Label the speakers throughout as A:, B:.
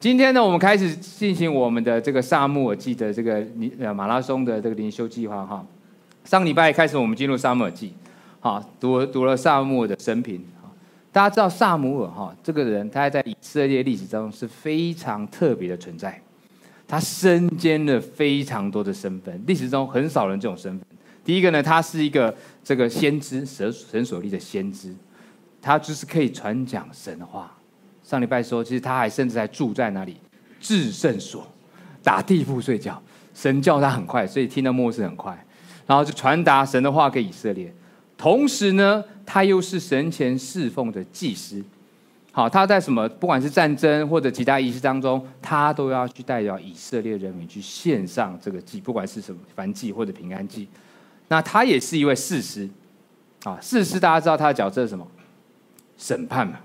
A: 今天呢，我們開始進行我們的這個撒母耳記的這個你呃馬拉松的這個靈修計劃哈。上個禮拜開始，我們進入撒母耳記，好讀了讀了撒母耳的生平。大家知道撒母耳哈這個人，他在以色列歷史當中是非常特別的存在。他身兼了非常多的身份，歷史中很少人這種身份。第一個呢，他是一個這個先知，神神所立的先知，他就是可以傳講神的話。上禮拜說，其實他還甚至還住在那裡，至聖所，打地鋪睡覺。神叫他很快，所以聽到默示很快，然後就傳達神的話給以色列。同時呢，他又是神前侍奉的祭司。好，他在什麼？不管是戰爭或者其他儀式當中，他都要去代表以色列人民去獻上這個祭，不管是什麼燔祭或者平安祭。那他也是一位士師啊，士師大家知道他的角色是什麼？審判嘛。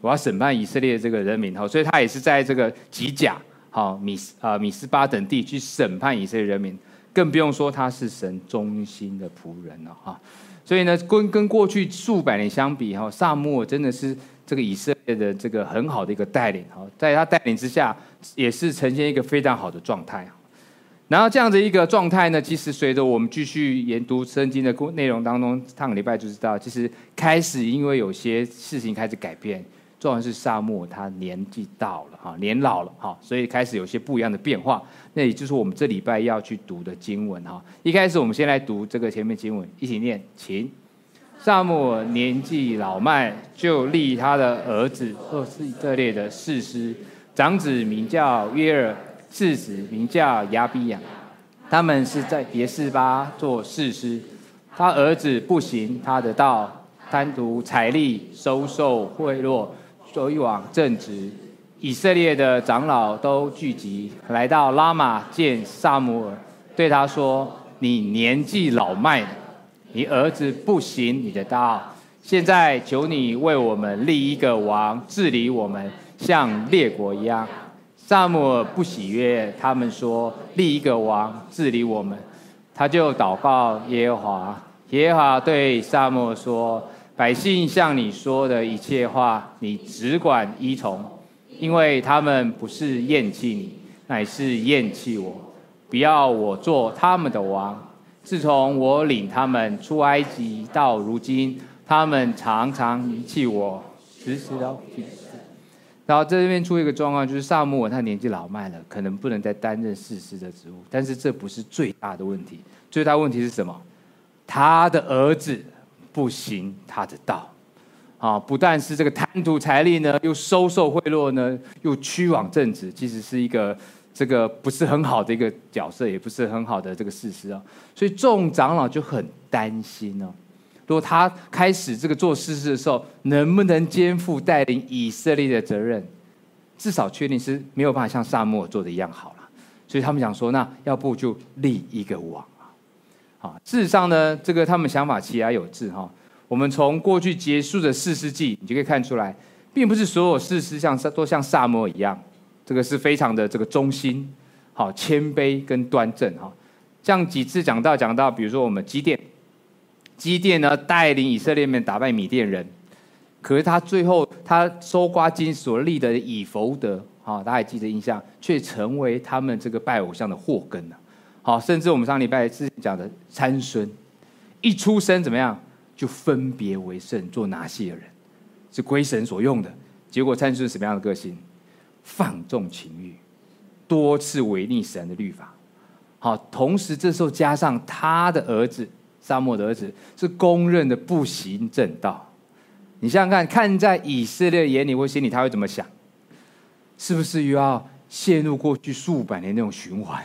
A: 我要審判以色列的這個人民，好，所以他也是在這個吉甲，好米斯啊，米斯巴等地去審判以色列人民，更不用說他是神忠心的僕人了哈。所以呢，跟跟過去數百年相比，哈，撒母耳真的是這個以色列的這個很好的一個帶領，在他帶領之下，也是呈現一個非常好的狀態。然後這樣的一個狀態呢，其實隨着我們繼續研讀聖經的內容當中，上個禮拜就知道，其實開始因為有些事情開始改變。雖然是撒母耳，他年紀到了哈，年老了哈，所以開始有些不一樣的變化。那也就是我們這禮拜要去讀的經文哈。一開始我們先來讀這個前面經文，一起念，請撒母耳年紀老邁，就立他的兒子作以色列的士師。長子名叫約珥，次子名叫亞比亞，他們是在別是巴做士師。他兒子不行他的道，貪圖財利，收受賄賂。所以，王正直，以色列的長老都聚集，來到拉瑪見撒母耳，對他說：“你年紀老邁，你兒子不行，你的道。現在求你為我們立一個王，治理我們，像列國一樣。”撒母耳不喜悅，他們說立一個王治理我們，他就禱告耶和華，耶和華對撒母耳說。百姓向你說的一切話，你只管依從，因為他們不是厭棄你，乃是厭棄我，不要我做他們的王。自從我領他們出埃及到如今，他們常常遺棄我，時時。然後這邊出一個狀況，就是撒母耳他年紀老邁了，可能不能再擔任士師的職務。但是這不是最大的問題，最大問題是什麼？他的兒子。不行，他的道啊，不但是這個貪圖財利呢，又收受賄賂呢，又屈枉正直，其實是一個這個不是很好的一個角色，也不是很好的這個士師哦，所以眾長老就很擔心哦，如果他開始這個做士師的時候，能不能肩負帶領以色列的責任？至少確定是沒有辦法像撒母耳做的一樣好了。所以他們想說，那要不就立一個王。事實上呢，這個他們想法其來有自哈。我們從過去結束的士師記，你就可以看出來，並不是所有士師像都像撒母耳一樣，這個是非常的這個忠心、好謙卑跟端正哈。這樣幾次講到講到，比如說我們基甸，基甸呢帶領以色列人打敗米甸人，可是他最後他收刮金所立的以弗得。啊，大家還記得印象，卻成為他們這個拜偶像的禍根呢。好，甚至我們上禮拜之前講的參孫，一出生怎麼樣就分別為聖，做拿細耳人是歸神所用的？結果參孫什麼樣的個性？放縱情欲，多次違逆神的律法。好，同時這時候加上他的兒子撒母耳的兒子是公認的不行正道。你想想看，看在以色列的眼裡或心裡，他會怎麼想？是不是又要陷入過去數百年那種循環？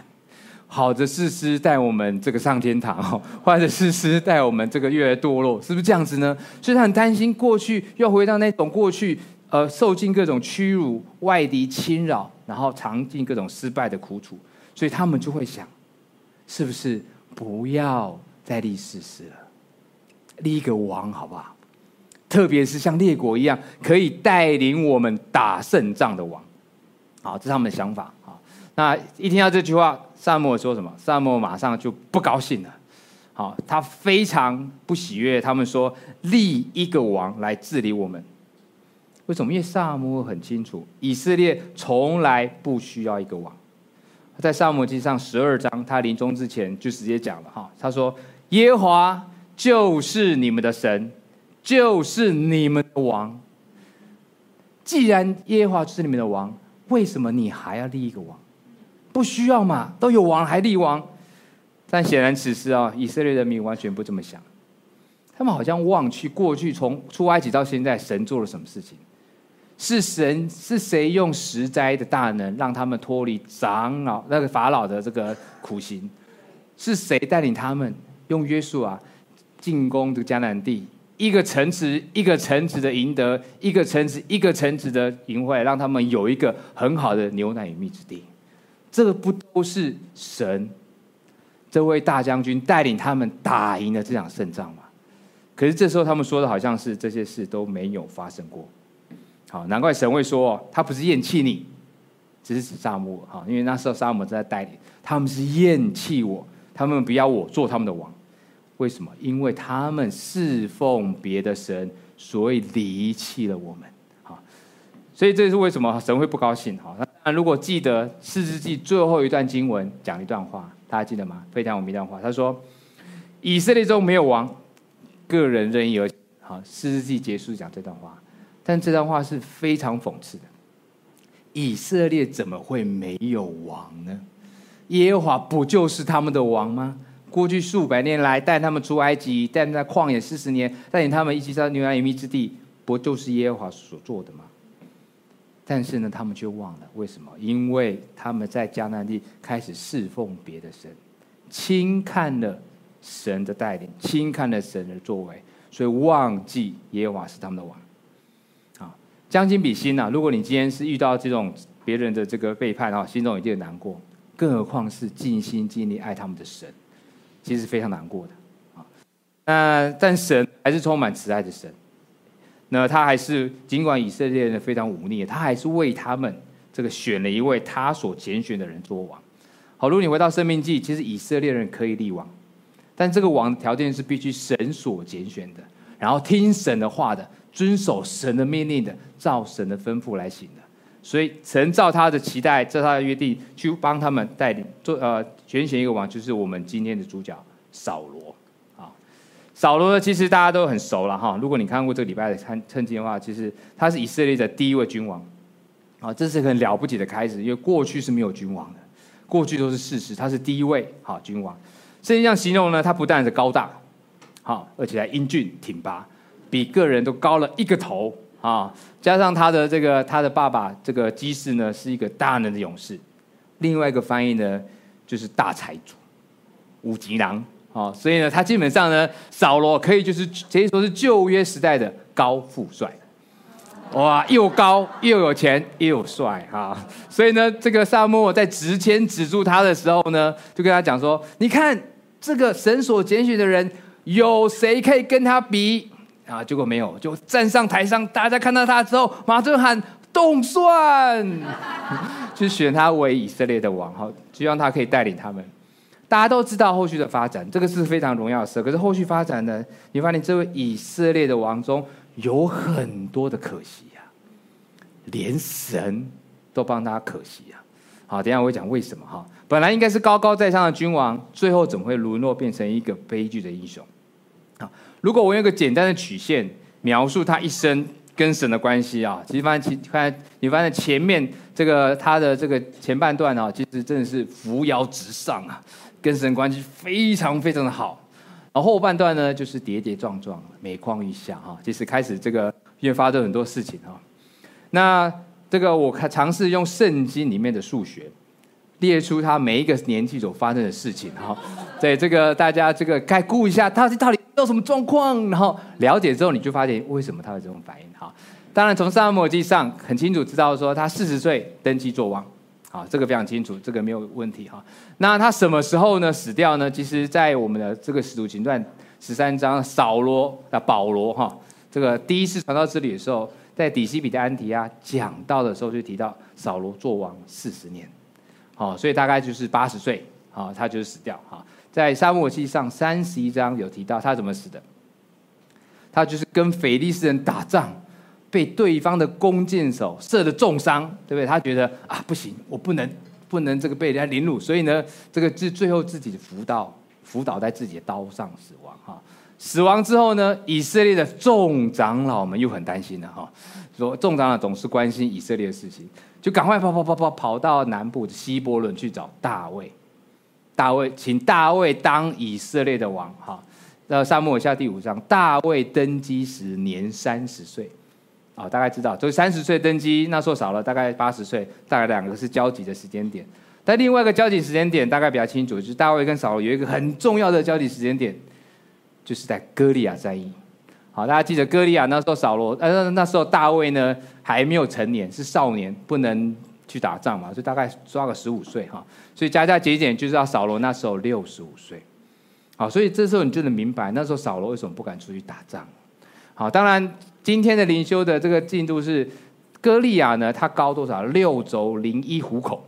A: 好的士師帶我們這個上天堂，哈，壞的士師帶我們這個越來越墮落，是不是這樣子呢？所以，他很擔心過去要回到那種過去，呃，受盡各種屈辱、外敵侵擾，然後嘗盡各種失敗的苦楚，所以他們就會想，是不是不要再立士師了，立一個王好不好？特別是像列國一樣，可以帶領我們打勝仗的王，好，這是他們的想法。那一聽到這句話，撒母耳說什麼？撒母耳馬上就不高興了。好，他非常不喜悅。他們說立一個王來治理我們，為什麼？因為撒母耳很清楚，以色列從來不需要一個王。在撒母耳記上十二章，他臨終之前就直接講了哈，他說：“耶和華就是你們的神，就是你們的王。既然耶和華是你們的王，為什麼你還要立一個王？”不需要嘛？都有王還立王？但顯然此時啊、哦，以色列人民完全不這麼想。他們好像忘去過去從出埃及到現在，神做了什麼事情？是神，是誰用十災的大能讓他們脫離長老，那個法老的這個苦刑？是誰帶領他們用約書亞啊進攻這個迦南地？一個城池一個城池的贏得，一個城池一個城池的贏回來，讓他們有一個很好的牛奶與蜜之地。這個不都是神這位大將軍帶領他們打贏了這場勝仗嗎？可是這時候他們說的好像是這些事都沒有發生過。好，難怪神會說他不是厭棄你，只是指撒母耳。’哈，因為那時候撒母耳在帶領，他們是厭棄我，他們不要我做他們的王，為什麼？因為他們侍奉別的神，所以離棄了我們。好，所以這是為什麼神會不高興哈？好那如果記得《士師記》最後一段經文講一段話，大家記得嗎？非常有名一段話，他說：“以色列中沒有王，各人任意而行。”好，《士師記》結束講這段話，但這段話是非常諷刺的。以色列怎麼會沒有王呢？耶和華不就是他們的王嗎？過去數百年來帶他們出埃及，帶他們曠野四十年，帶領他們一起到流奶與蜜之地，不就是耶和華所做的嗎？但是呢，他們就忘了為什麼？因為他們在迦南地開始侍奉別的神，輕看了神的帶領，輕看了神的作為，所以忘記耶和華是他們的王。啊，將心比心吶，啊，如果你今天是遇到這種別人的這個背叛啊，心中一定難過，更何況是盡心盡力愛他們的神，其實是非常難過的啊。那但神還是充滿慈愛的神。那他還是儘管以色列人非常忤逆，他還是為他們這個選了一位他所揀選的人做王。好，如你回到《申命記》，其實以色列人可以立王，但這個王的條件是必須神所揀選的，然後聽神的話的，遵守神的命令的，照神的吩咐來行的。所以神照他的期待，照他的約定去幫他們帶領，做呃揀選一個王，就是我們今天的主角掃羅。掃羅其實大家都很熟了哈、哦。如果你看過這個禮拜的趁趁的話，其實他是以色列的第一位君王，啊、哦，這是很了不起的開始，因為過去是沒有君王的，過去都是士師。他是第一位好君、哦、王。這樣形容呢，他不但是高大，好、哦、而且，還英俊挺拔，比各人都高了一個頭啊、哦。加上他的這個他的爸爸這個基士呢，是一個大能的勇士。另外一個翻譯呢，就是大財主，五級郎。哦，所以呢，他基本上呢，掃羅可以就是可以說是舊約時代的高富帥，哇，又高又有錢又有帥哈、哦。所以呢，這個撒母耳在執籤指住他的時候呢，就跟他講說，你看這個神所揀選的人，有誰可以跟他比？啊，結果沒有，就站上台上，大家看到他之後，馬上喊凍蒜，去 選他為以色列的王哈，希、哦、望他可以帶領他們。大家都知道後續的發展，這個是非常榮耀的事。可是後續發展呢？你發現你這位以色列的王中有很多的可惜呀、啊，連神都幫他可惜啊。好，等一下我會講為什麼哈。本來應該是高高在上的君王，最後怎麼會淪落變成一個悲劇的英雄？如果我用一個簡單的曲線描述他一生跟神的關係啊，其實發現，其實發現你發現前面這個他的這個前半段啊，其實真的是扶搖直上啊。跟神關係非常非常的好，而後半段呢，就是跌跌撞撞，每況愈下哈。就是開始這個因為，發生很多事情哈。那這個我嘗試用聖經裡面的數學列出他每一個年紀所發生的事情哈。所以這個大家這個概估一下，到底到底到什麼狀況？然後了解之後，你就發現為什麼他有這種反應哈。當然從撒母耳記上，上很清楚知道說他40，他四十歲登基作王。啊，這個非常清楚，這個沒有問題哈。那他什麼時候呢死掉呢？其實，在我們的這個使徒行傳十三章掃羅啊保羅哈，這個第一次傳道之旅的時候，在底西比的安提亞講道的時候就提到，掃羅做王四十年，好，所以大概就是八十歲，好，他就死掉哈。在撒母耳記上三十一章有提到他怎麼死的，他就是跟非利士人打仗。被對方的弓箭手射的重傷，對不對？他覺得啊，不行，我不能不能這個被人家凌辱，所以呢，這個自最後自己的伏倒伏倒在自己的刀上死亡哈。死亡之後呢，以色列的眾長老們又很擔心了哈，說眾長老總是關心以色列的事情，就趕快跑跑跑跑跑到南部的希伯崙去找大衛，大衛，請大衛當以色列的王哈。那撒母耳記下第五章，大衛登基時年三十歲。哦、大概知道，所以三十歲登基，那時候掃羅大概，大概八十歲，大概兩個是交集的時間點。但另外一個交集時間點，大概比較清楚，就是大衛跟掃羅有一個很重要的交集時間點，就是在歌利亞戰役。好，大家記得歌利亞那時候掃羅，呃，那時候大衛呢還沒有成年，是少年，不能去打仗嘛，就大概抓個十五歲哈。所以加加減減，就知道掃羅那時候六十五歲。好，所以這時候你就能明白，那時候掃羅為什麼不敢出去打仗。好，當然今天的靈修的這個進度是，哥利亞呢，它高多少？六肘零一虎口，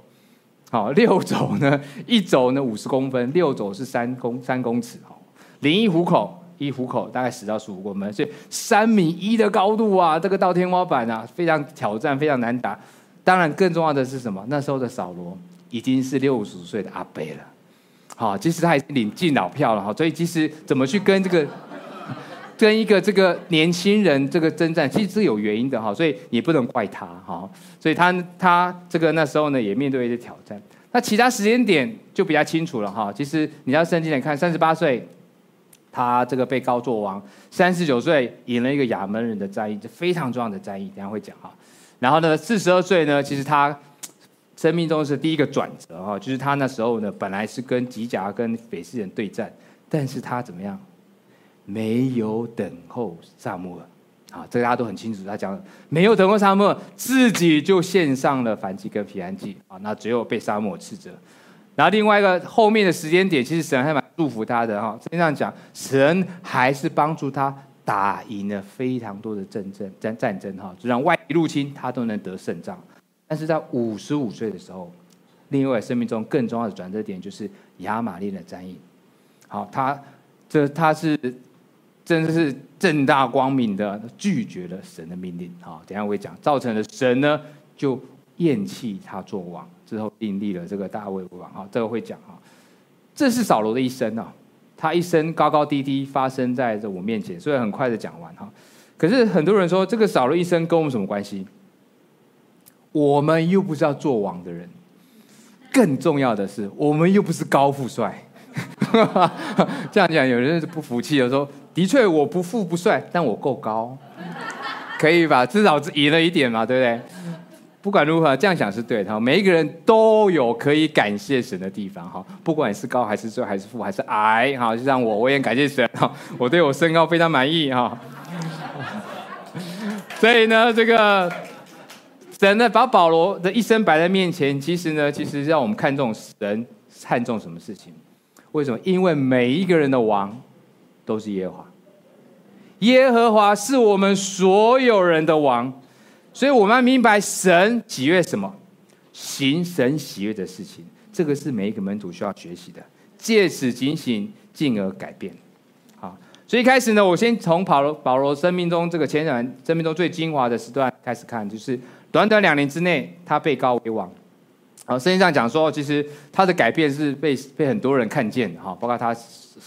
A: 好、哦，六肘呢，一肘呢五十公分，六肘是三公三公尺哦，零一虎口，一虎口大概十到十五公分，所以三米一的高度啊，這個到天花板啊，非常挑戰，非常難打。當然更重要的是什麼？那時候的掃羅已經是六十歲的阿伯了，好，其實他已經領敬老票了哈，所以其實怎麼去跟這個？跟一個這個年輕人這個征戰，其實是有原因的哈，所以也不能怪他哈，所以他他這個那時候呢也面對一些挑戰。那其他時間點就比較清楚了哈。其實你要深進點看，三十八歲他這個被膏作王，三十九歲贏了一個亞捫人的戰役，這非常重要的戰役，等一下會講哈。然後呢，四十二歲呢，其實他生命中是第一個轉折哈，就是他那時候呢本來是跟吉甲跟非利士人對戰，但是他怎麼樣？沒有等候撒母耳，啊，這個大家都很清楚。他講沒有等候撒母耳，自己就獻上了燔祭跟平安祭，啊，那只有被撒母耳斥責。然後另外一個後面的時間點，其實神還蠻祝福他的哈。聖經上講，神還是幫助他打贏了非常多的戰爭戰戰爭哈，就讓外敵入侵他都能得勝仗。但是在五十五歲的時候，另外生命中更重要的轉折點就是亞瑪力的戰役。好，他這他是。真的是正大光明的拒絕了神的命令啊、哦！等下我會講，造成了神呢就厭棄他做王，之後定立，立了這個大衛王啊、哦，這個會講啊、哦。這是掃羅的一生吶、哦，他一生高高低低發生在這我面前，所以很快的講完哈、哦。可是很多人說，這個掃羅一生跟我們什麼關係？我們又不是要做王的人，更重要的是，我們又不是高富帥。 這樣講，有人是不服氣的說。的確，我不富不帥，但我夠高，可以吧？至少是贏了一點嘛，對不對？不管如何，這樣想是對的。哈，每一個人都有可以感謝神的地方，哈，不管是高還是帥還是富還是矮，哈，就像我，我也感謝神，哈，我對我身高非常滿意，哈。 所以呢，這個神呢，把掃羅的一生擺在面前，其實呢，其實讓我們看重神看重什麼事情？為什麼？因為每一個人的王。都是耶和華，耶和華是我們所有人的王，所以我們要明白神喜悅什麼，行神喜悅的事情，這個是每一個門徒需要學習的，借此警醒，進而改變。好，所以開始呢，我先從掃羅掃羅生命中這個前段生命中最精華的時段開始看，就是短短兩年之內，他被膏為王，好，聖經上講說，其實他的改變是被被很多人看見，哈，包括他。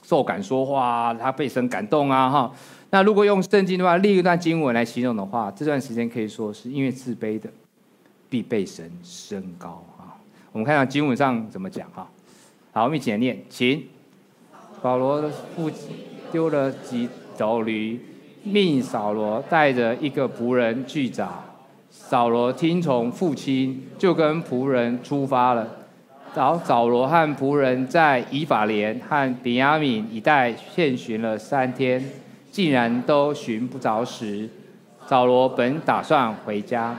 A: 受感說話，他被神感動啊！哈，那如果用聖經的話，另一段經文來形容的話，這段時間可以說是因為自卑的，必被神升高啊！我們看看經文上怎麼講哈，好，我們一起來念，請，掃羅的父親丟了幾頭驢，命掃羅帶着一個僕人去找。掃羅聽從父親，就跟僕人出發了。早掃羅和僕人在以法蓮和比亞憫一帶遍尋了三天，竟然都尋不着時，掃羅本打算回家，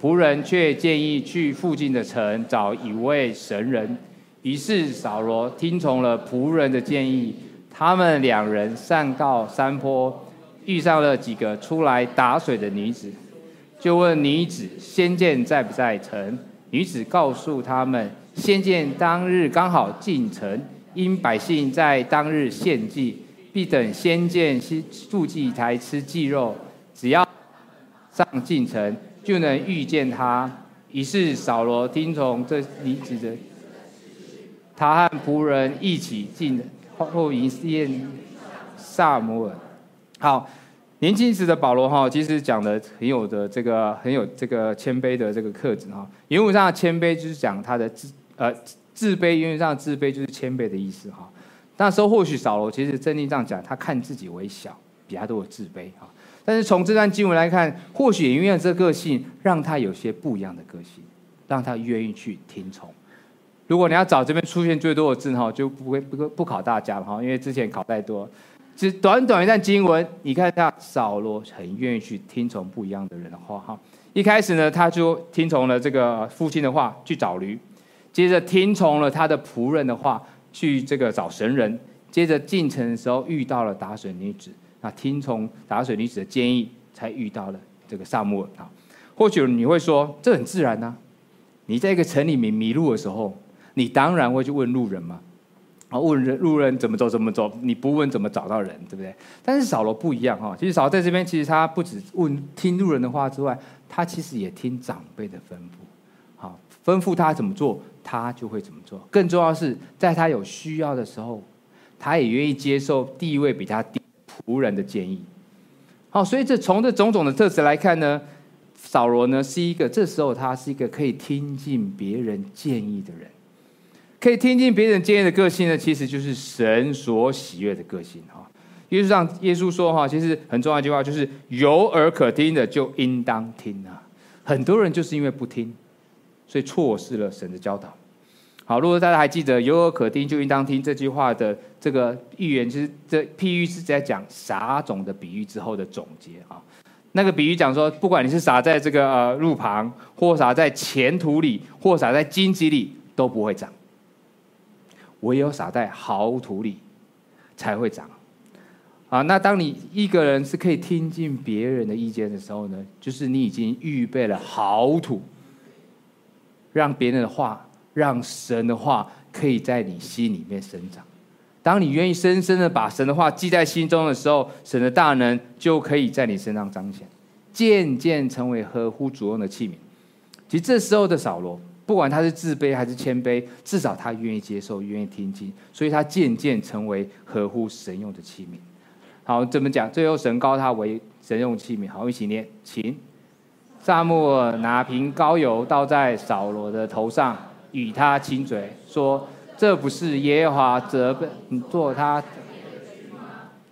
A: 僕人卻建議去附近的城找一位神人。於是掃羅聽從了僕人的建議，他們兩人上到山坡，遇上了幾個出來打水的女子，就問女子先見在不在城。女子告訴他們。先見當日剛好進城，因百姓在當日獻祭，必等先見獻祭才吃祭肉。只要上進城，就能遇見他。於是掃羅聽從這，你指的他和僕人一起進後遇見撒母耳。好，年輕時的掃羅哈，其實講的很有的這個很有這個謙卑的這個特質哈。原文上謙卑就是講他的自。呃，自卑，因為這樣自卑就是謙卑的意思哈。那時候或許掃羅其實聖經這樣講，他看自己為小，比他都有自卑哈。但是從這段經文來看，或許也因為這個，個性，讓他有些不一樣的個性，讓他願意去聽從。如果你要找這邊出現最多的字哈，就不會不不考大家了哈，因為之前考太多。只短短一段經文，你看一下，掃羅很願意去聽從不一樣的人的話哈。一開始呢，他就聽從了這個父親的話，去找驢。接着聽從了他的僕人的話，去這個找神人。接着進城的時候遇到了打水女子，啊，聽從打水女子的建議，才遇到了這個撒母耳啊，或許你會說這很自然呢、啊。你在一個城裡面迷路的時候，你當然會去問路人嘛。啊，問人路人怎麼走怎麼走，你不問怎麼找到人，對不對？但是掃羅不一樣哈。其實掃羅在這邊，其實他不止問聽路人的話之外，他其實也聽長輩的吩咐，啊，吩咐他怎麼做。他就會怎麼做。更重要是在他有需要的時候，他也願意接受地位比他低僕人的建議。好，所以這從這種種的特色來看呢，掃羅呢是一個這時候他是一個可以聽進別人建議的人，可以聽進別人建議的個性呢，其實就是神所喜悅的個性啊。耶穌上，耶穌說哈，其實很重要一句話就是：有耳可聽的就應當聽啊。很多人就是因為不聽。所以錯失了神的教導。好，如果大家還記得，有耳可聽就應當聽這句話的這個寓言，其實這譬喻是在講撒種的比喻之後的總結啊。那個比喻講說，不管你是撒在這個呃路旁，或撒在淺土裡，或撒在荊棘裡，都不會長；唯有撒在好土裡才會長。啊，那當你一個人是可以聽進別人的意見的時候呢，就是你已經預備了好土。讓別人的話，讓神的話可以在你心裡面生長。當你願意深深的把神的話記在心中的時候，神的大能就可以在你身上彰顯，漸漸成為合乎主用的器皿。其實這時候的掃羅，不管他是自卑還是謙卑，至少他願意接受，願意聽經，所以他漸漸成為合乎神用的器皿。好，怎麼講？最後神膏他為神用器皿。好，我一起念，請。撒母耳拿瓶膏油倒在掃羅的頭上，與他親嘴，說：“這不是耶和華責備做他，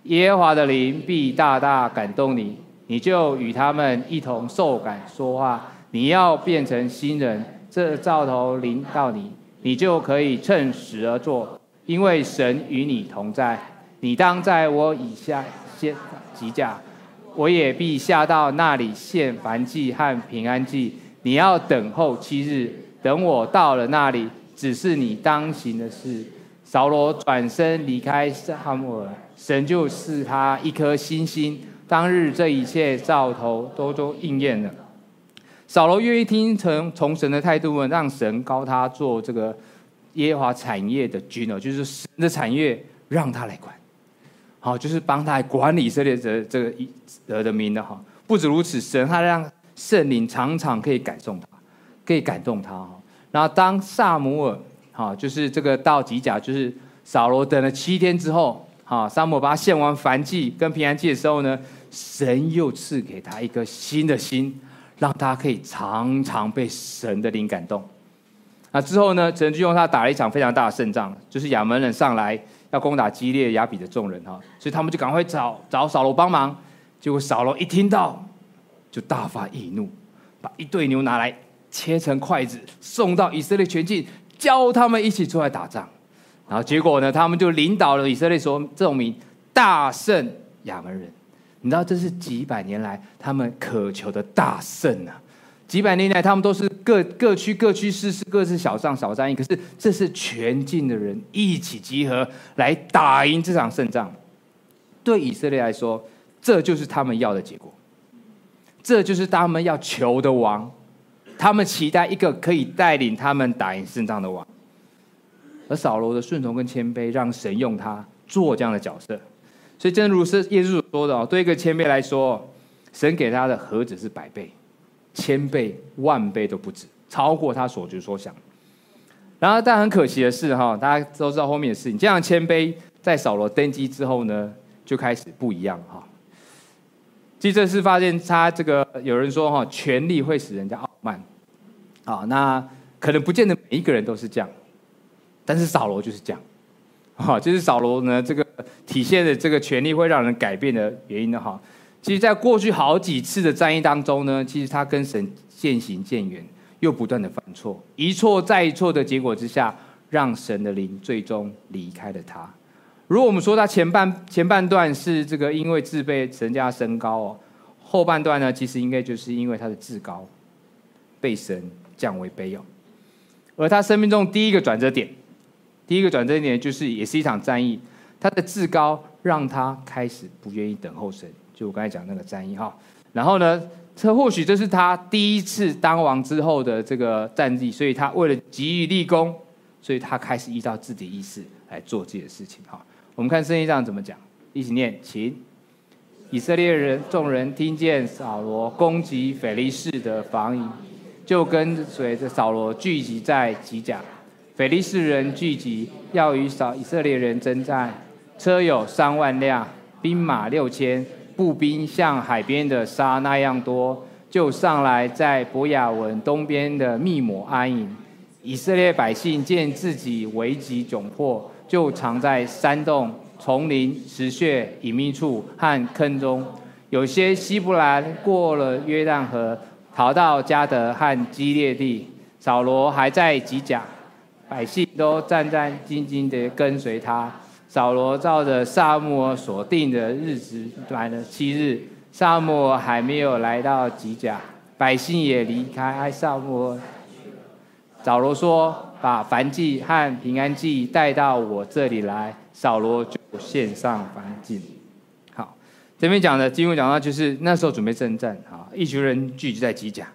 A: 耶和華的靈必大大感動你，你就與他們一同受感說話。你要變成新人，這兆頭臨到你，你就可以趁時而作，因為神與你同在。你當在我以下先吉甲。”我也必下到那裡獻燔祭和平安祭。你要等候七日，等我到了那裡，只是你當行的事。掃羅轉身離開撒母耳，神就賜他一顆新心。當日這一切兆頭都都應驗了。掃羅願意聽從從神的態度，讓神膏他做這個耶和華產業的君哦，就是神的產業，讓他來管。好，就是幫他管理以色列這這個一得的民的哈。不止如此，神還讓聖靈常常可以感動他，可以感動他哈。然後當撒母耳，好，就是這個到吉甲，就是掃羅等了七天之後，哈，撒母耳獻完燔祭跟平安祭的時候呢，神又賜給他一顆新的心，讓他可以常常被神的靈感動。那之後呢，神就用他打了一場非常大的勝仗，就是亞捫人上來。要攻打基列雅比的眾人哈，所以他們就趕快找找掃羅幫忙。結果掃羅一聽到，就大發異怒，把一對牛拿來切成筷子，送到以色列全境，叫他們一起出來打仗。然後結果呢，他們就領導了以色列說，說證明大勝亞捫人。你知道這是幾百年來他們渴求的大勝啊！幾百年來他們都是。各各區、各區世世、市是各自小仗、小戰役，可是這是全境的人一起集合來打贏這場勝仗。對以色列來說，這就是他們要的結果，這就是他們要求的王，他們期待一個可以帶領他們打贏勝仗的王。而掃羅的順從跟謙卑，讓神用他做這樣的角色。所以，正如是耶穌說的，對一個謙卑來說，神給他的何止是百倍。千倍萬倍都不止，超過他所覺所想。然後，但很可惜的是，哈、哦，大家都知道後面的事情。這樣謙卑，在掃羅登基之後呢，就開始不一樣，哈、哦。即這是發現他這個有人說，哈、哦，權力會使人家傲慢，啊、哦，那可能不見得每一個人都是這樣，但是掃羅就是這樣，哈、哦，就是掃羅呢，這個體現的這個權力會讓人改變的原因的哈。哦其實，在過去好幾次的戰役當中呢，其實他跟神漸行漸遠，又不斷的犯錯，一錯再一錯的結果之下，讓神的靈最終離開了他。如果我們說他前半前半段是這個因為自卑神價升高哦，後半段呢，其實應該就是因為他的自高，被神降為卑哦。而他生命中第一個轉折點，第一個轉折點就是也是一場戰役，他的自高讓他開始不願意等候神。就我剛才講那個戰役哈，然後呢，這或許這是他第一次當王之後的這個戰績，所以他為了急於立功，所以他開始依照自己的意思來做自己的事情哈。我們看聖經上怎麼講，一起念：請以色列人眾人聽見掃羅攻擊非利士的防營，就跟隨着掃羅聚集在吉甲，非利士人聚集要與掃以色列人征戰，車有三萬輛，兵馬六千。步兵像海邊的沙那樣多，就上來在伯亞文東邊的密抹安營。以色列百姓見自己危急窘迫，就藏在山洞、叢林、石穴、隱祕處和坑中。有些希伯蘭過了約旦河，逃到迦得和基列地。掃羅還在吉甲，百姓都戰戰兢兢的跟隨他。掃羅照着撒母耳所定的日子，滿了七日，撒母耳還沒有來到吉甲，百姓也離開撒母耳，掃羅說：“把燔祭和平安祭帶到我這裡來。”掃羅就獻上燔祭。好，這邊講的，今晚講到就是那時候準備征戰，哈，一群人聚集在吉甲，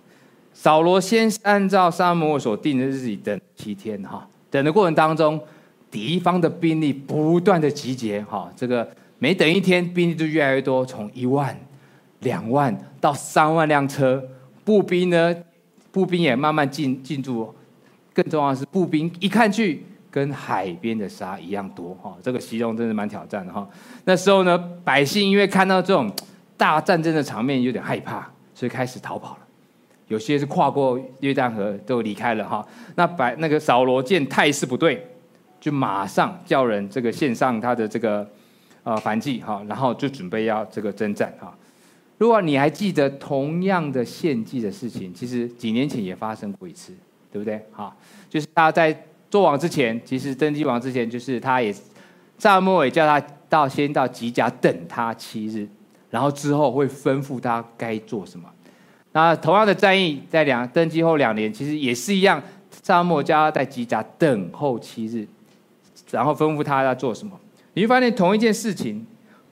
A: 掃羅先按照撒母耳所定的日子等七天，哈，等的過程當中。敵方的兵力不斷的集結，哈，這個每等一天，兵力就越來越多，從一萬、兩萬到三萬輛車。步兵呢，步兵也慢慢進進駐，更重要的是步兵一看去，跟海邊的沙一樣多，哈，這個襲中真是蠻挑戰的哈。那時候呢，百姓因為看到這種大戰爭的場面有點害怕，所以開始逃跑了，有些是跨過約旦河就離開了，哈。那白那個掃羅見態勢不對。就馬上叫人這個獻上他的這個呃燔祭哈，然後就準備要這個征戰哈。如果你還記得同樣的獻祭的事情，其實幾年前也發生過一次，對不對？哈，就是他在做王之前，其實登基王之前，就是他也撒母耳也叫他到先到吉甲等他七日，然後之後會吩咐他該做什麼。那同樣的戰役在兩登基後兩年，其實也是一樣，撒母耳叫他在吉甲等候七日。然後吩咐他在做什麼，你會發現同一件事情、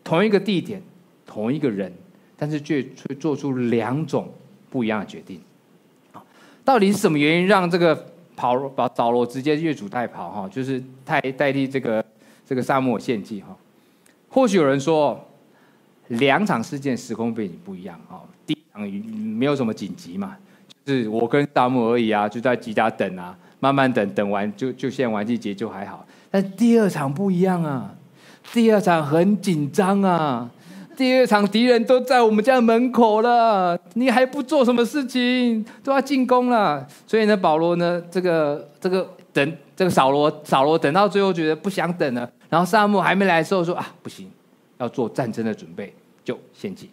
A: 同一個地點、同一個人，但是卻卻做出兩種不一樣的決定、哦。到底是什麼原因讓這個跑把掃羅直接越俎代庖哈？就是代代替這個這個撒母耳獻祭哈、哦？或許有人說，兩場事件時空背景不一樣啊，第一場沒有什麼緊急嘛，就是我跟撒母耳而已啊，就在吉甲等啊，慢慢等等完就就獻完祭節就還好。但第二場不一樣啊，第二場很緊張啊，第二場敵人都在我們家門口了，你還不做什麼事情，都要進攻了。所以呢，保羅呢，這個這個等這個掃羅，掃羅等到最後覺得不想等了，然後撒母耳還沒來的時候說啊，不行，要做戰爭的準備，就獻祭。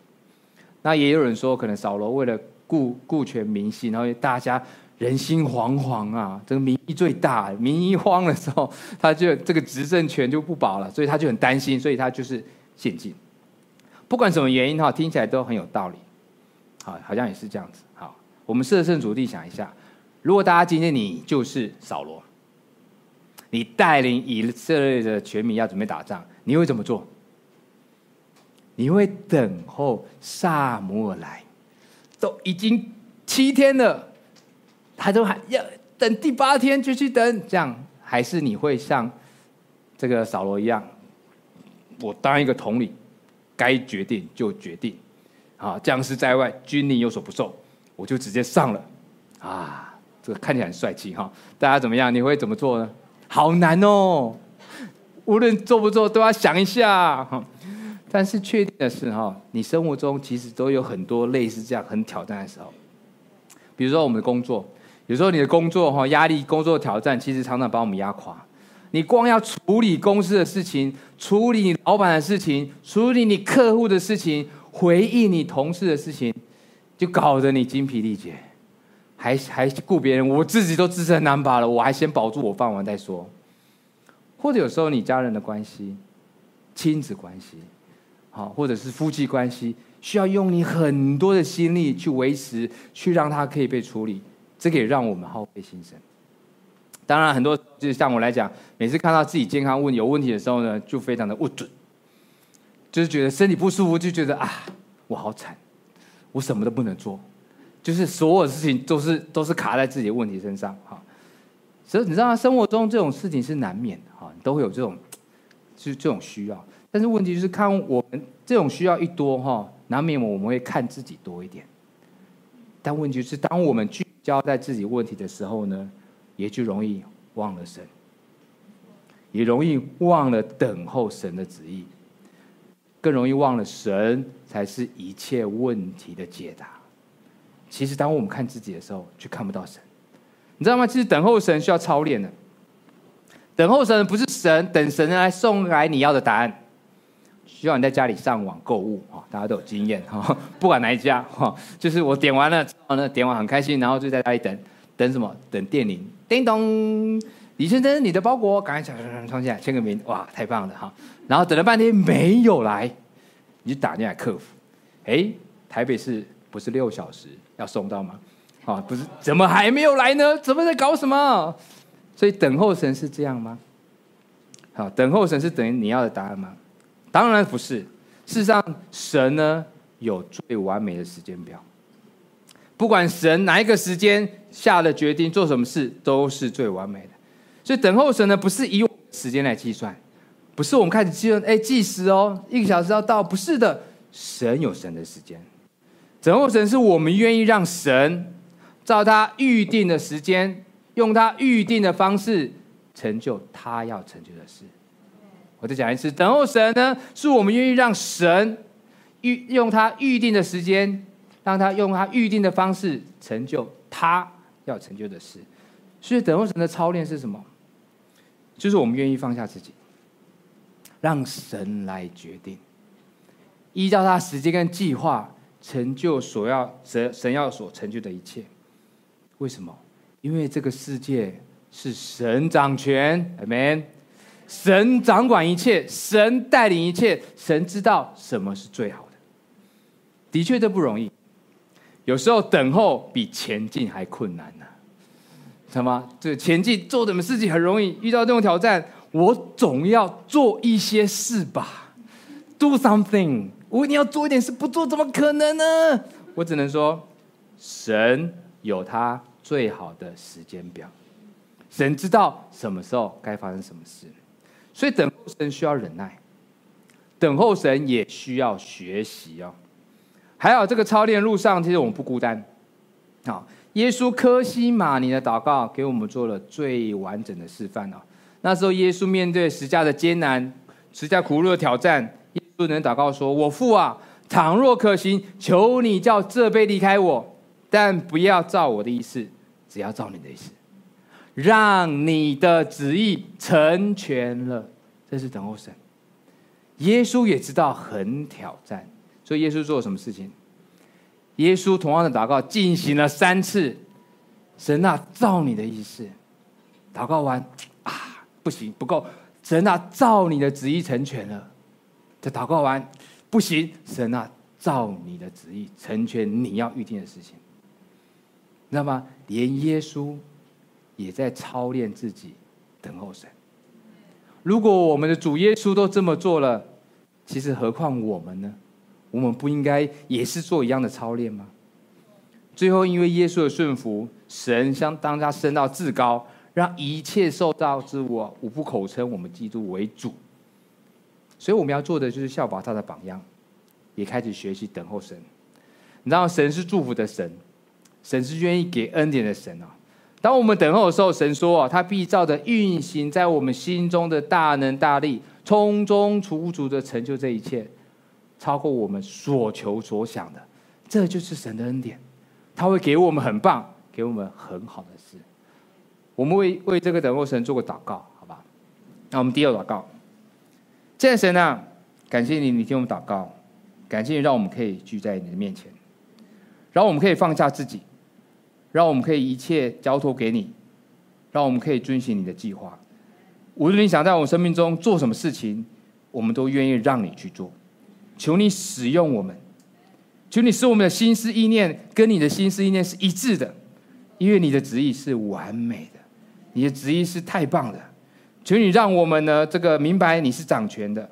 A: 那也有人說，可能掃羅為了顧顧全民心，然後大家。人心惶惶啊！這個民意最大，民意慌的時候，他就這個執政權就不保了，所以他就很擔心，所以他就是獻祭。不管什麼原因哈，聽起來都很有道理。好，好像也是這樣子。好，我們設身處地想一下，如果大家今天你就是掃羅，你帶領以色列的全民要準備打仗，你會怎麼做？你會等候撒母耳來？都已經七天了。他都還要等第八天繼續等，這樣還是你會像這個掃羅一樣？我當一個統領，該決定就決定，啊，將士在外，軍令有所不受，我就直接上了。啊，這個看起來很帥氣哈！大家怎麼樣？你會怎麼做呢？好難哦，無論做不做都要想一下。但是確定的是哈，你生活中其實都有很多類似這樣很挑戰的時候，比如說我們的工作。有時候你的工作哈壓力、工作挑戰，其實常常把我們壓垮。你光要處理公司的事情，處理你老闆的事情，處理你客戶的事情，回應你同事的事情，就搞得你精疲力竭，還還顧別人，我自己都自身難保了，我還先保住我飯碗再說。或者有時候你家人的關係，親子關係，好，或者是夫妻關係，需要用你很多的心力去維持，去讓它可以被處理。這可以讓我們耗費心神。當然，很多就是像我來講，每次看到自己健康問題有問題的時候呢，就非常的無助、嗯，就是覺得身體不舒服，就覺得啊，我好慘，我什麼都不能做，就是所有的事情都是都是卡在自己的問題身上。哈，所以你知道，生活中這種事情是難免的，哈，都會有這種，就這種需要。但是問題就是，看我們這種需要一多，哈，難免我們會看自己多一點。但問題就是，當我們去。交代自己問題的時候呢，也就容易忘了神，也容易忘了等候神的旨意，更容易忘了神才是一切問題的解答。其實，當我們看自己的時候，卻看不到神。你知道嗎？其實等候神需要操練的，等候神不是神等神來送來你要的答案。望你在家裡上網購物啊，大家都有經驗哈，不管哪一家哈，就是我點完了之後呢，點完很開心，然後就在家裡等等什麼，等電鈴，叮咚，李先生，你的包裹趕快搶搶搶搶，進來簽個名，哇，太棒了哈。然後等了半天沒有來，你就打進來客服，哎、欸，台北市不是六小時要送到嗎？啊，不是，怎麼還沒有來呢？怎麼在搞什麼？所以等候神是這樣嗎？好，等候神是等於你要的答案嗎？當然不是，事實上，神呢有最完美的時間表。不管神哪一個時間下了決定做什麼事，都是最完美的。所以等候神呢，不是以我的時間來計算，不是我們開始計算，哎，計時哦，一個小時要到，不是的，神有神的時間。等候神是我們願意讓神照他預定的時間，用他預定的方式，成就他要成就的事。我再講一次，等候神呢，是我們願意讓神預用他預定的時間，讓他用他預定的方式成就他要成就的事。所以等候神的操練是什麼？就是我們願意放下自己，讓神來決定，依照他時間跟計劃成就所要、神神要所成就的一切。為什麼？因為這個世界是神掌權，Amen。神掌管一切，神帶領一切，神知道什麼是最好的。的確，這不容易。有時候等候比前進還困難呢。什麼？這前進做什麼事情很容易，遇到這種挑戰，我總要做一些事吧，do something。我一定要做一點事，不做怎麼可能呢？我只能說，神有他最好的時間表，神知道什麼時候該發生什麼事。所以等候神需要忍耐，等候神也需要學習哦。還有這個操練路上，其實我們不孤單。好，耶穌客西馬尼的禱告給我們做了最完整的示範哦。那時候耶穌面對十架的艱難、十架苦路的挑戰，耶穌能禱告說：“我父啊，倘若可行，求你叫這杯離開我，但不要照我的意思，只要照你的意思。”讓你的旨意成全了，這是等候神。耶穌也知道很挑戰，所以耶穌做了什麼事情？耶穌同樣的禱告進行了三次。神啊，照你的意思，禱告完啊，不行不夠。神啊，照你的旨意成全了。這禱告完，不行，神啊，照你的旨意成全你要預定的事情。你知道嗎？連耶穌。也在操練自己，等候神。如果我們的主耶穌都這麼做了，其實何況我們呢？我們不應該也是做一樣的操練嗎？最後，因為耶穌的順服，神將當他升到至高，讓一切受造之物無不口稱我們基督為主。所以，我們要做的就是效法他的榜樣，也開始學習等候神。你知道，神是祝福的神，神是願意給恩典的神啊。當我們等候的時候，神說：“啊，他必照着運行在我們心中的大能大力，充充足足的成就這一切，超過我們所求所想的。”這就是神的恩典，他會給我們很棒，給我們很好的事。我們為為這個等候神做個禱告，好吧？那我們第二禱告，見神啊！感謝你，你聽我們禱告，感謝你讓我們可以聚在你的面前，然後我們可以放下自己。讓我們可以一切交托給你，讓我們可以遵循你的計劃。無論你想在我生命中做什麼事情，我們都願意讓你去做。求你使用我們，求你使我們的心思意念跟你的心思意念是一致的，因為你的旨意是完美的，你的旨意是太棒了。求你讓我們呢，這個明白你是掌權的。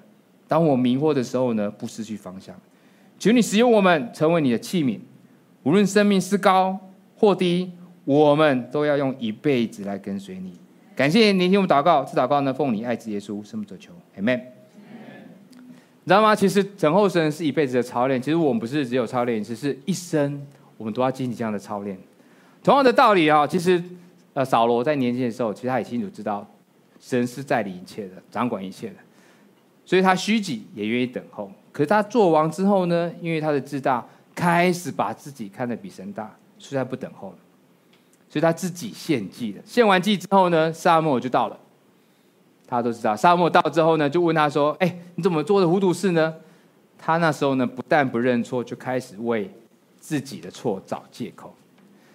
A: 當我迷惑的時候呢，不失去方向。求你使用我們，成為你的器皿。無論生命是高。或低，我們都要用一輩子來跟隨你。感謝你聽我們禱告，這禱告呢，奉你愛子耶穌，聖名所求？Amen。Amen 你知道嗎？其實等候神是一輩子的操練。其實我們不是只有操練，其實一生我們都要經歷這樣的操練。同樣的道理啊、哦，其實呃，掃羅在年輕的時候，其實他也清楚知道神是在理一切的，掌管一切的，所以他虛己也願意等候。可是他做完之後呢，因為他的自大，開始把自己看得比神大。實在不等候，所以他自己獻祭了。獻完祭之後呢，撒母耳就到了。他都知道，撒母耳到之後呢，就問他說：“哎、欸，你怎麼做的糊塗事呢？”他那時候呢，不但不認錯，就開始為自己的錯找借口。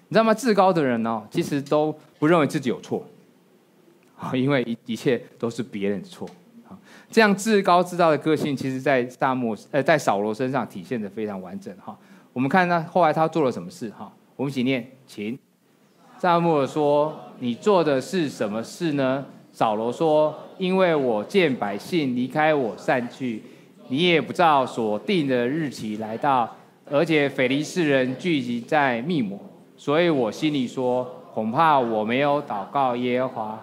A: 你知道嗎？自高的人呢、哦，其實都不認為自己有錯，啊，因為一一切都是別人的錯。這樣自高自大的個性，其實在撒母耳呃，在掃羅身上體現得非常完整哈。我們看他後來他做了什麼事哈。我們一起念，請。撒母耳說：“你做的是什麼事呢？”掃羅說：“因為我見百姓離開我散去，你也不照所定的日期來到，而且非利士人聚集在密抹，所以我心裡說，恐怕我沒有禱告耶和華，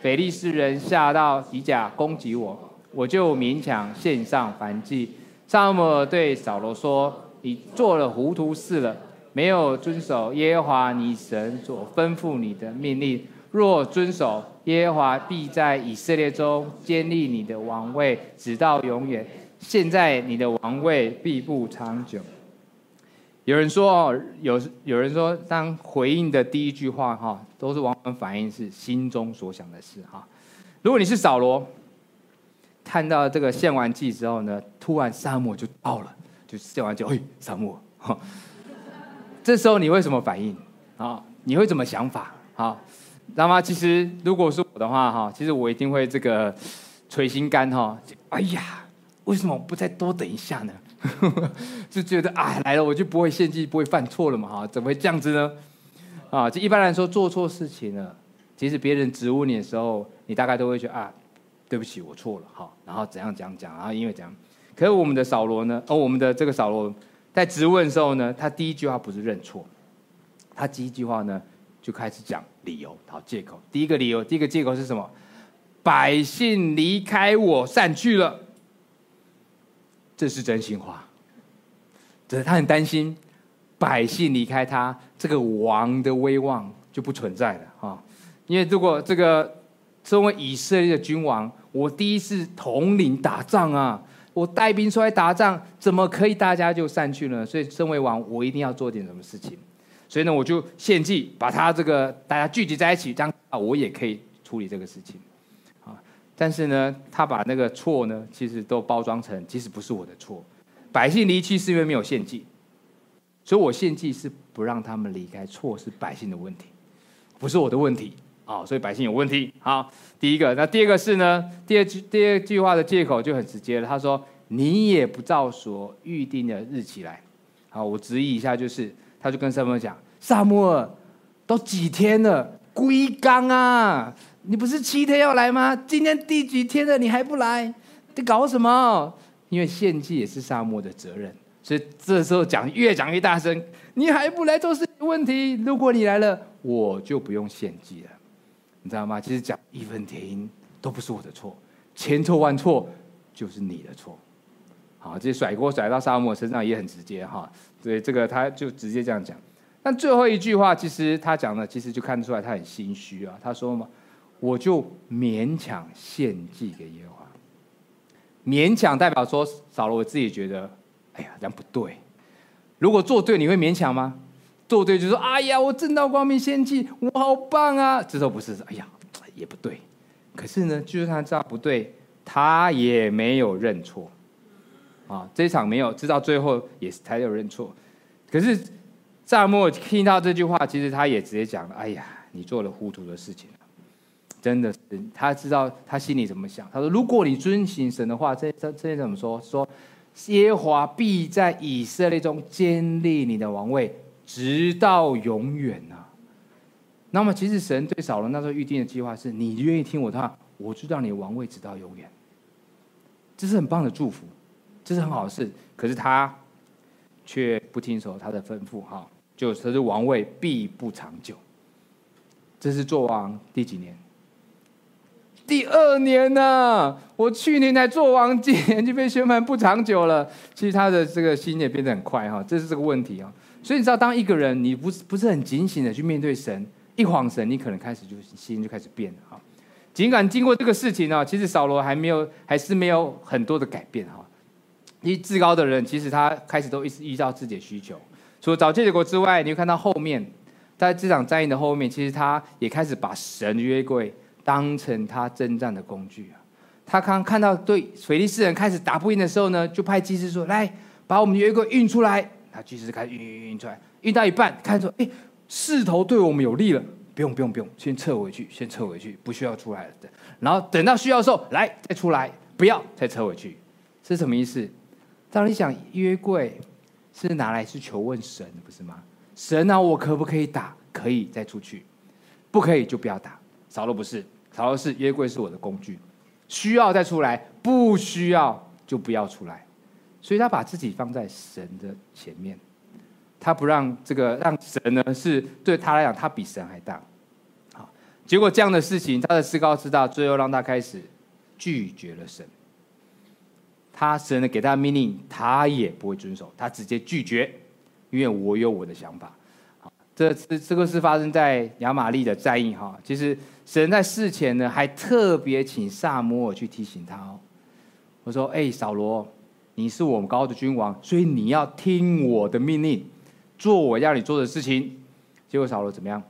A: 非利士人下到吉甲攻擊我，我就勉強獻上燔祭。”撒母耳對掃羅說：“你做了糊塗事了。”沒有遵守耶和華你神所吩咐你的命令，若遵守耶和華，必在以色列中建立你的王位，直到永遠。現在你的王位必不長久。有人說有，有人說，當回應的第一句話哈，都是往往反映是心中所想的事哈。如果你是掃羅，看到這個獻完祭之後呢，突然撒母耳就到了，就獻完祭，哎，撒母耳。這時候你會什麼反應？啊，你會怎麼想法？啊，那麼其實如果是我的話，哈，其實我一定會這個捶心肝，哈，哎呀，為什麼我不再多等一下呢？ 就覺得啊，來了我就不會獻祭，不會犯錯了嘛，哈，怎麼會這樣子呢？啊，就一般來說做錯事情了，其實別人質問你的時候，你大概都會覺得啊，對不起，我錯了，哈，然後怎樣講講，然後因為怎樣。可是我們的掃羅呢？哦，我們的這個掃羅。在質問的時候呢，他第一句話不是認錯，他第一句話呢就開始講理由、找借口。第一個理由、第一個借口是什麼？百姓離開我，散去了。這是真心話，只是他很擔心百姓離開他，這個王的威望就不存在了啊。因為如果這個身為以色列的君王，我第一次統領打仗啊。我帶兵出來打仗，怎麼可以大家就散去呢？所以身為王，我一定要做點什麼事情。所以呢，我就獻祭，把他這個大家聚集在一起，這樣啊，我也可以處理這個事情。啊，但是呢，他把那個錯呢，其實都包裝成其實不是我的錯。百姓離去是因為沒有獻祭，所以我獻祭是不讓他們離開，錯是百姓的問題，不是我的問題。啊、哦，所以百姓有問題。好，第一個，那第二個是呢？第二第二句話的借口就很直接了。他說：“你也不照所預定的日期來。”好，我直譯一下，就是他就跟撒母耳講：“撒母耳都幾天了？龜缸啊！你不是七天要來嗎？今天第幾天了？你還不來？你搞什麼？因為獻祭也是撒母耳的責任，所以這時候講越講越大聲。你還不來都是問題。如果你來了，我就不用獻祭了。”你知道嗎？其實講義憤填膺都不是我的錯，千錯萬錯就是你的錯。好，這甩鍋甩到撒母耳身上也很直接哈。所以這個他就直接這樣講。但最後一句話，其實他講的其實就看得出來他很心虛啊。他說嘛，我就勉強獻祭給耶和華，勉強代表說掃羅自己覺得，哎呀，這樣不對。如果做對，你會勉強嗎？做對就說：“哎呀，我正到光明先進，我好棒啊！”這時候不是，哎呀，也不對。可是呢，就算他知道不對，他也沒有認錯。啊，這場沒有，直到最後也是才有認錯。可是撒母耳聽到這句話，其實他也直接講了：“哎呀，你做了糊塗的事情真的是。”他知道他心裡怎麼想。他說：“如果你遵行神的話，這這這怎麼說？說耶和華必在以色列中建立你的王位。”直到永遠啊！那麼其實神對掃羅那時候預定的計劃是：你願意聽我的話，我就讓你的王位直到永遠。這是很棒的祝福，這是很好的事。可是他卻不聽從他的吩咐，哈，就說是王位必不長久。這是做王第幾年？第二年呢、啊？我去年才做王，今年就被宣判不長久了。其實他的這個心也變得很快，哈，這是這個問題啊。所以你知道，當一個人你不是不是很警醒，的去面對神，一晃神，你可能開始就心就開始變了哈。儘管經過這個事情呢，其實掃羅還沒有，還是沒有很多的改變哈。一自高的人，其實他開始都一直依照自己的需求。除了早結國之外，你會看到後面，在這場戰役的後面，其實他也開始把神約櫃當成他征戰的工具啊。他剛看到對非利士人開始打不贏的時候呢，就派祭司說：“來，把我們的約櫃運出來。”他其實開始運運運出來，運到一半，看出哎，勢頭對我們有利了，不用不用不用，先撤回去，先撤回去，不需要出來了。對，然後等到需要的時候來再出來，不要再撤回去，是什麼意思？當你想約櫃，是拿來是求問神的，不是嗎？神啊，我可不可以打？可以再出去，不可以就不要打。掃羅不是，掃羅是約櫃是我的工具，需要再出來，不需要就不要出來。所以他把自己放在神的前面，他不讓這個讓神呢，是對他來講，他比神還大。好，結果這樣的事情，他的自高自大，最後讓他開始拒絕了神。他神呢給他的命令，他也不會遵守，他直接拒絕，因為我有我的想法。好，這這這個是發生在亞瑪力的戰役哈。其實神在事前呢，還特別請撒母耳去提醒他哦。我說：“哎，掃羅。”你是我們高的君王，所以你要聽我的命令，做我要你做的事情。結果掃羅怎麼樣？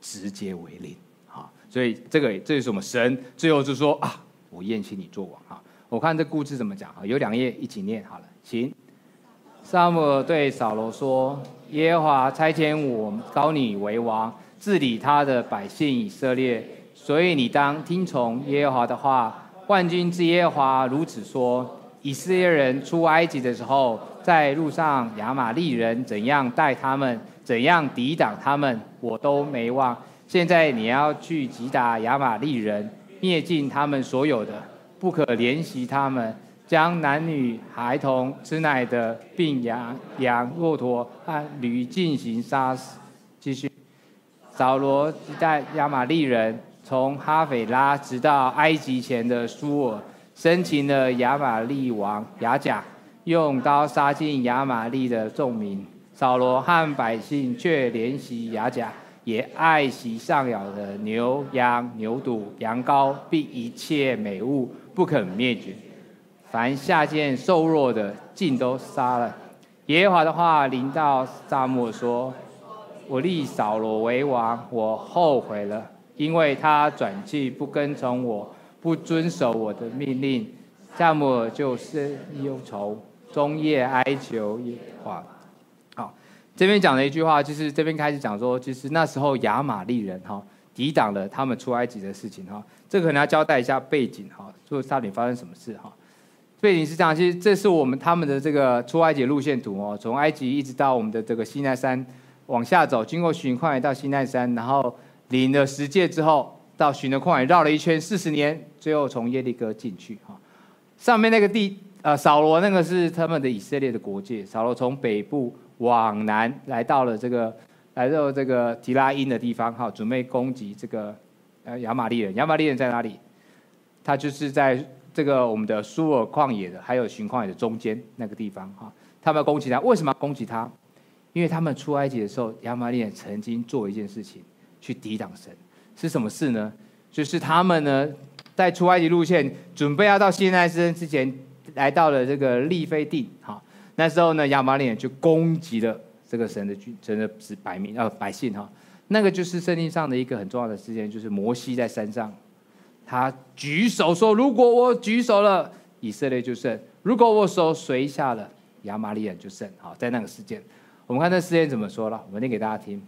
A: 直接違令啊！所以這個這個、是什麼神？最後就說啊，我厭棄你做王啊！我看這故事怎麼講啊？有兩頁一起念好了。行，撒母對掃羅說：“耶和華差遣我膏你為王，治理他的百姓以色列，所以你當聽從耶和華的話。萬軍之耶和華如此說。”以色列人出埃及的時候，在路上亞瑪力人怎樣待他們，怎樣抵擋他們，我都沒忘。現在你要去擊打亞瑪力人，滅盡他們所有的，不可憐惜他們，將男女孩童、吃奶的、並羊、羊、駱駝和驢進行殺死。繼續，掃羅擊打亞瑪力人，從哈斐拉直到埃及前的書珥。生擒了亞瑪力王亞甲，用刀殺盡亞瑪力的眾民。掃羅和百姓卻憐惜亞甲，也愛惜上了的牛羊、牛犢、羊羔，並一切美物，不肯滅絕。凡下賤瘦弱的，盡都殺了。耶和華的話臨到撒母耳說：“我立掃羅為王，我後悔了，因為他轉去不跟從我。”不遵守我的命令，夏姆就是憂愁，中夜哀求耶化華。好，這邊講了一句話，就是這邊開始講說，其、就是那時候亞瑪力人哈、哦，抵擋了他們出埃及的事情哈、哦。這可能要交代一下背景哈、哦，就是、到底發生什麼事哈、哦。背景是這樣，其實這是我們他們的這個出埃及的路線圖哦，從埃及一直到我們的這個西奈山往下走，經過尋曠野到西奈山，然後領了十誡之後到尋的曠野繞了一圈四十年。最後從耶利哥進去哈，上面那個地，呃，掃羅那個是他們的以色列的國界。掃羅從北部往南來到了這個，來到這個提拉因的地方哈、哦，準備攻擊這個，呃，亞瑪力人。亞瑪力人在哪裡？他就是在這個我們的蘇爾曠野的，還有尋曠野的中間那個地方哈、哦。他們要攻擊他，為什麼要攻擊他？因為他們出埃及的時候，亞瑪力人曾經做一件事情去抵擋神，是什麼事呢？就是他們呢。在出埃及路線，準備要到西奈山之前，來到了這個利非地。哈，那時候呢，亞瑪力人就攻擊了這個神的軍，真的是百名呃百姓哈。那個就是聖經上的一個很重要的事件，就是摩西在山上，他舉手說：“如果我舉手了，以色列就勝；如果我手垂下了，亞瑪力人就勝。”好，在那個事件，我們看那事件怎麼說了，我念給大家聽。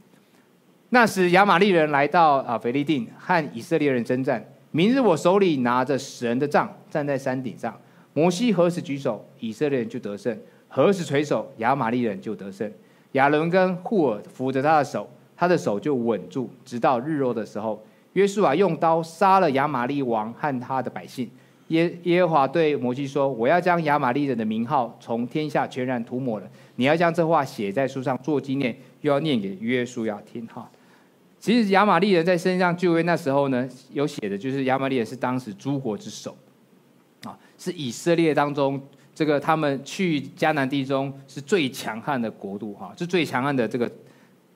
A: 那時亞瑪力人來到啊，腓利定和以色列人征戰，明日我手裡拿着神的杖，站在山頂上。摩西何時舉手，以色列人就得勝；何時垂手，亞瑪利人就得勝。亞倫跟戶珥扶着他的手，他的手就穩住，直到日落的時候。約書亞用刀殺了亞瑪利王和他的百姓。耶耶和華對摩西說：“我要將亞瑪利人的名號從天下全然塗抹了。你要將這話寫在書上做紀念，又要念給約書亞要聽。”哈。其實亞瑪利人在聖經上，就位那時候呢，有寫的就是亞瑪利人是當時諸國之首，啊，是以色列當中這個他們去迦南地中是最強悍的國度哈，是最強悍的這個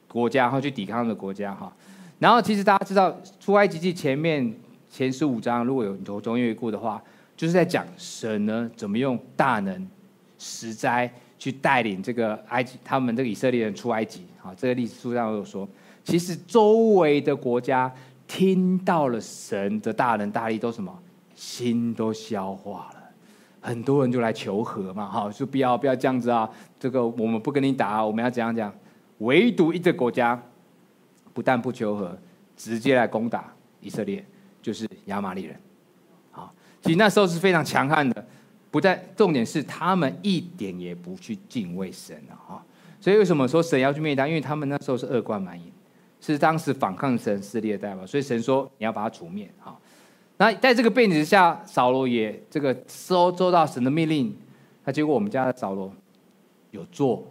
A: 國家然後去抵抗的國家哈。然後其實大家知道出埃及記前面前十五章，如果有有中約固的話，就是在講神呢怎麼用大能、十災去帶領這個埃及他們這個以色列人出埃及啊。這個歷史書上有說。其實周圍的國家聽到了神的大能大力，都什麼心都消化了，很多人就來求和嘛，哈，就不要不要這樣子啊，這個我們不跟你打啊，我們要怎樣講？唯獨一個國家不但不求和，直接來攻打以色列，就是亞瑪力人，其實那時候是非常強悍的，不但重點是他們一點也不去敬畏神啊，所以為什麼說神要去滅他？因為他們那時候是惡貫滿盈。是當時反抗神勢力的代表嘛。所以神說：“你要把他除滅。”那在這個背景下，掃羅也這個收到神的命令。那結果我們家的掃羅有做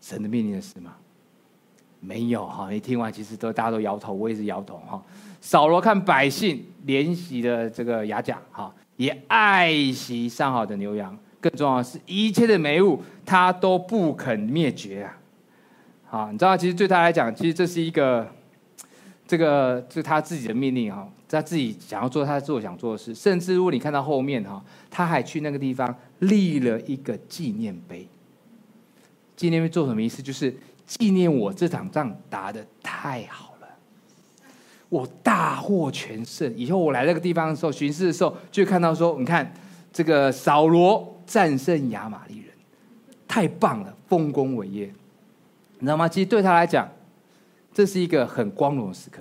A: 神的命令的事嗎？沒有哈。你聽完，其實都大家都搖頭，我也是搖頭哈。掃羅看百姓憐惜的這個亞甲，哈，也愛惜上好的牛羊，更重要的是一切的美物，他都不肯滅絕啊。啊，你知道，其實對他來講，其實這是一個，這個是他自己的命令哈，他自己想要做他自己想做的事。甚至如果你看到後面哈，他還去那個地方立了一個紀念碑。紀念碑做什麼意思？就是紀念我這場仗打得太好了，我大獲全勝。以後我來那個地方的時候巡視的時候，就看到說，你看這個掃羅戰勝亞瑪力人，太棒了，豐功偉業。你知道嗎？其實對他來講，這是一個很光榮的時刻。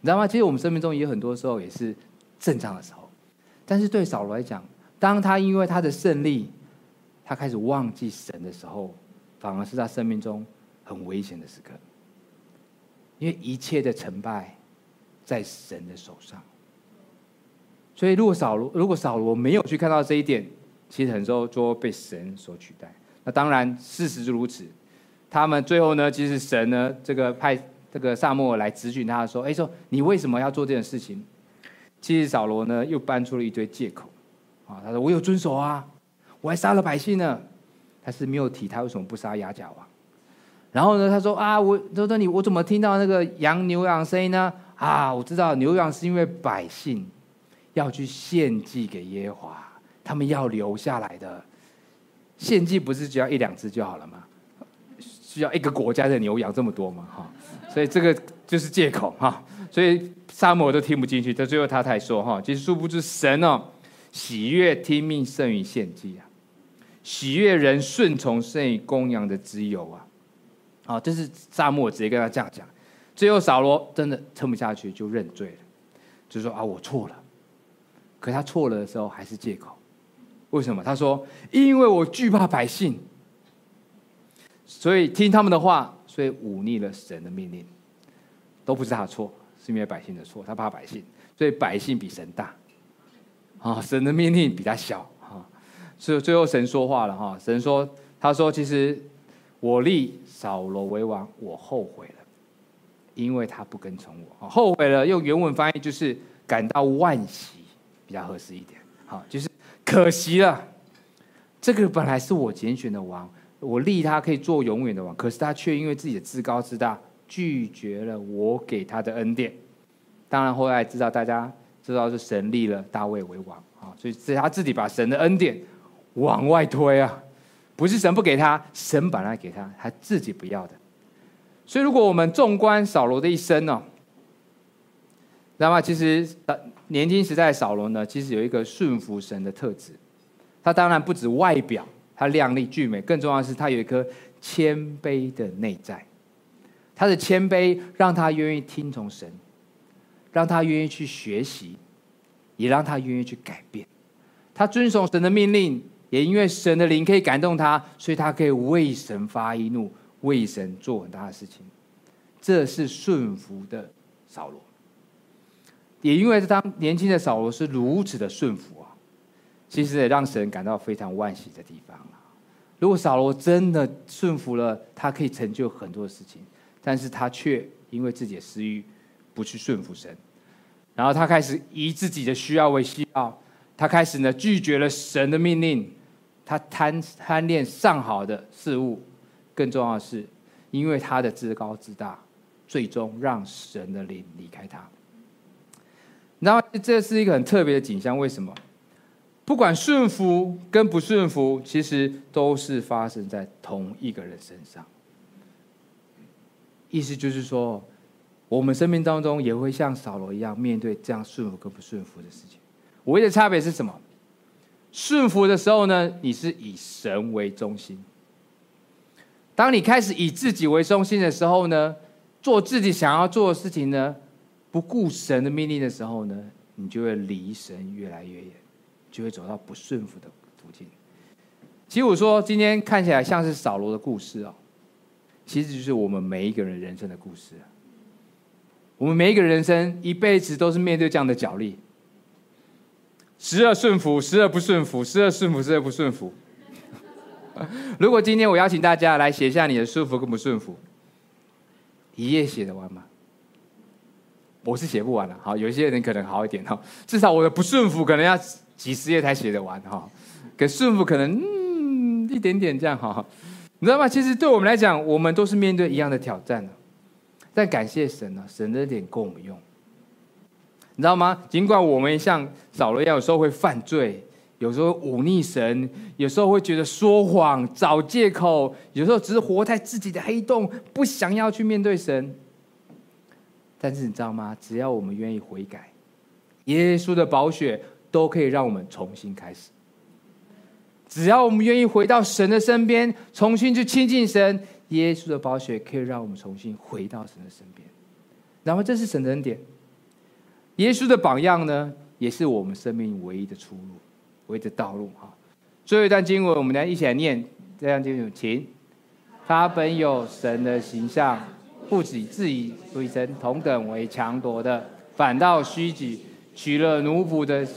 A: 你知道嗎？其實我們生命中也有很多時候也是正常的時候，但是對掃羅來講，當他因為他的勝利，他開始忘記神的時候，反而是他生命中很危險的時刻。因為一切的成敗，在神的手上。所以如果，如果掃羅如果掃羅沒有去看到這一點，其實很多時候就會被神所取代。那當然，事實是如此。他們最後呢，其實神呢，這個派這個撒母耳來諮詢他的時候，哎，說你為什麼要做這件事情？其實掃羅呢又搬出了一堆借口，啊，他說我有遵守啊，我還殺了百姓呢，他是沒有提他為什麼不殺亞甲王。然後呢，他說啊，我他說你我怎麼聽到那個羊牛羊聲音呢？啊，我知道牛羊是因為百姓要去獻祭給耶和華，他們要留下來的，獻祭不是只要一兩只就好了嗎？要一個國家的牛羊這麼多嘛？哈，所以這個就是借口哈。所以撒母耳都聽不進去，但最後他才說哈，其實殊不知神哦，喜悅聽命勝於獻祭啊，喜悅人順從勝於公羊的脂油啊。好，這是撒母耳直接跟他這樣講。最後掃羅真的撐不下去就認罪了，就說啊，我錯了。可他錯了的時候還是借口，為什麼？他說因為我懼怕百姓。所以聽他們的話，所以忤逆了神的命令，都不是他錯，是因為百姓的錯。他怕百姓，所以百姓比神大，啊，神的命令比他小，啊，所以最後神說話了，哈，神說，他說，說，其實我立掃羅為王，我後悔了，因為他不跟從我，後悔了，用原文翻譯就是感到惋惜，比較合適一點，好，就是可惜了，這個本來是我揀選的王。我立他可以做永遠的王，可是他卻因為自己的自高自大，拒絕了我給他的恩典。當然後來知道，大家知道是神立了大衛為王啊，所以是他自己把神的恩典往外推啊，不是神不給他，神本來給他，他自己不要的。所以如果我們縱觀掃羅的一生哦，那麼其實年輕時代掃羅呢，其實有一個順服神的特質，他當然不止外表。他靚麗俊美，更重要的是，他有一顆謙卑的內在。他的謙卑讓他願意聽從神，讓他願意去學習，也讓他願意去改變。他遵守神的命令，也因為神的靈可以感動他，所以他可以為神發一怒，為神做很大的事情。這是順服的掃羅。也因為這當年輕的掃羅是如此的順服啊。其實也讓神感到非常惋惜的地方啊！如果掃羅真的順服了，他可以成就很多事情，但是他卻因為自己的私欲，不去順服神，然後他開始以自己的需要為需要，他開始呢拒絕了神的命令，他貪貪戀上好的事物，更重要的是，因為他的自高自大，最終讓神的靈離開他。然後這是一個很特別的景象，為什麼？不管順服跟不順服，其實都是發生在同一個人身上。意思就是說，我們生命當中也會像掃羅一樣，面對這樣順服跟不順服的事情。唯一的差別是什麼？順服的時候呢，你是以神為中心；當你開始以自己為中心的時候呢，做自己想要做的事情呢，不顧神的命令的時候呢，你就會離神越來越遠。就會走到不順服的途徑。其實我說今天看起來像是掃羅的故事哦，其實就是我們每一個人人生的故事。我們每一個人生一輩子都是面對這樣的角力，時而順服，時而不順服，時而順服，時而不順服。 如果今天我邀請大家來寫下你的順服跟不順服，一頁寫得完嗎？我是寫不完了，啊。好，有些人可能好一點哈，哦，至少我的不順服可能要。幾十頁才寫得完哈，可順服可能、嗯、一點點這樣哈，你知道嗎？其實對我們來講，我們都是面對一樣的挑戰，但感謝神啊，神的恩典夠我們用，你知道嗎？儘管我們像掃羅一樣，有時候會犯罪，有時候忤逆神，有時候會覺得說謊、找借口，有時候只是活在自己的黑洞，不想要去面對神。但是你知道嗎？只要我們願意悔改，耶穌的寶血。都可以讓我們重新開始，只要我們願意回到神的身邊，重新去親近神，耶穌的寶血可以讓我們重新回到神的身邊。然後這是神的恩典，耶穌的榜樣呢，也是我們生命唯一的出路，唯一的道路。哈，最後一段經文，我們來一起來念，這段經文，請。他本有神的形象，不以自己與神同等為強奪的，反倒虛己。取了奴僕的形，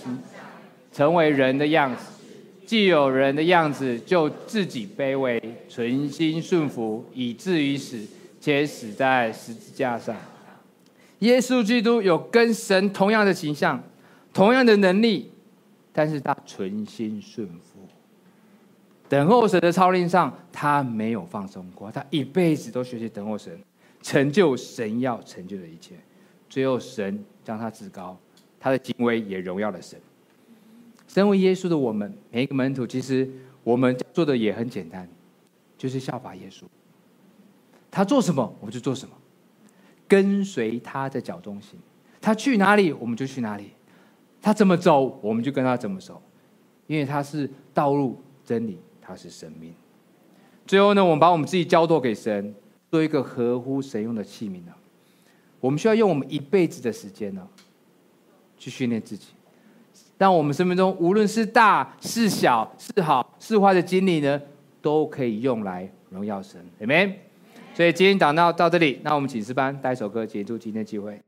A: 成為人的樣子，既有人的樣子，就自己卑微，存心順服，以至於死，且死在十字架上。耶穌基督有跟神同樣的形象，同樣的能力，但是他存心順服，等候神的差遣上，他沒有放鬆過，他一輩子都學習等候神，成就神要成就的一切，最後神將他至高。他的敬畏也榮耀了神。身為耶穌的我們，每一個門徒，其實我們做的也很簡單，就是效法耶穌。他做什麼，我們就做什麼；跟隨他的腳蹤行，他去哪裡，我們就去哪裡；他怎麼走，我們就跟他怎麼走。因為他是道路真理，他是生命。最後呢，我們把我們自己交托給神，做一個合乎神用的器皿呢。我們需要用我們一輩子的時間呢。去訓練自己，讓我們生命中無論是大是小、是好是壞的經歷呢，都可以用來榮耀神，Amen。Amen. 所以今天講到到這裡，那我們請詩班帶一首歌結束今天的聚會。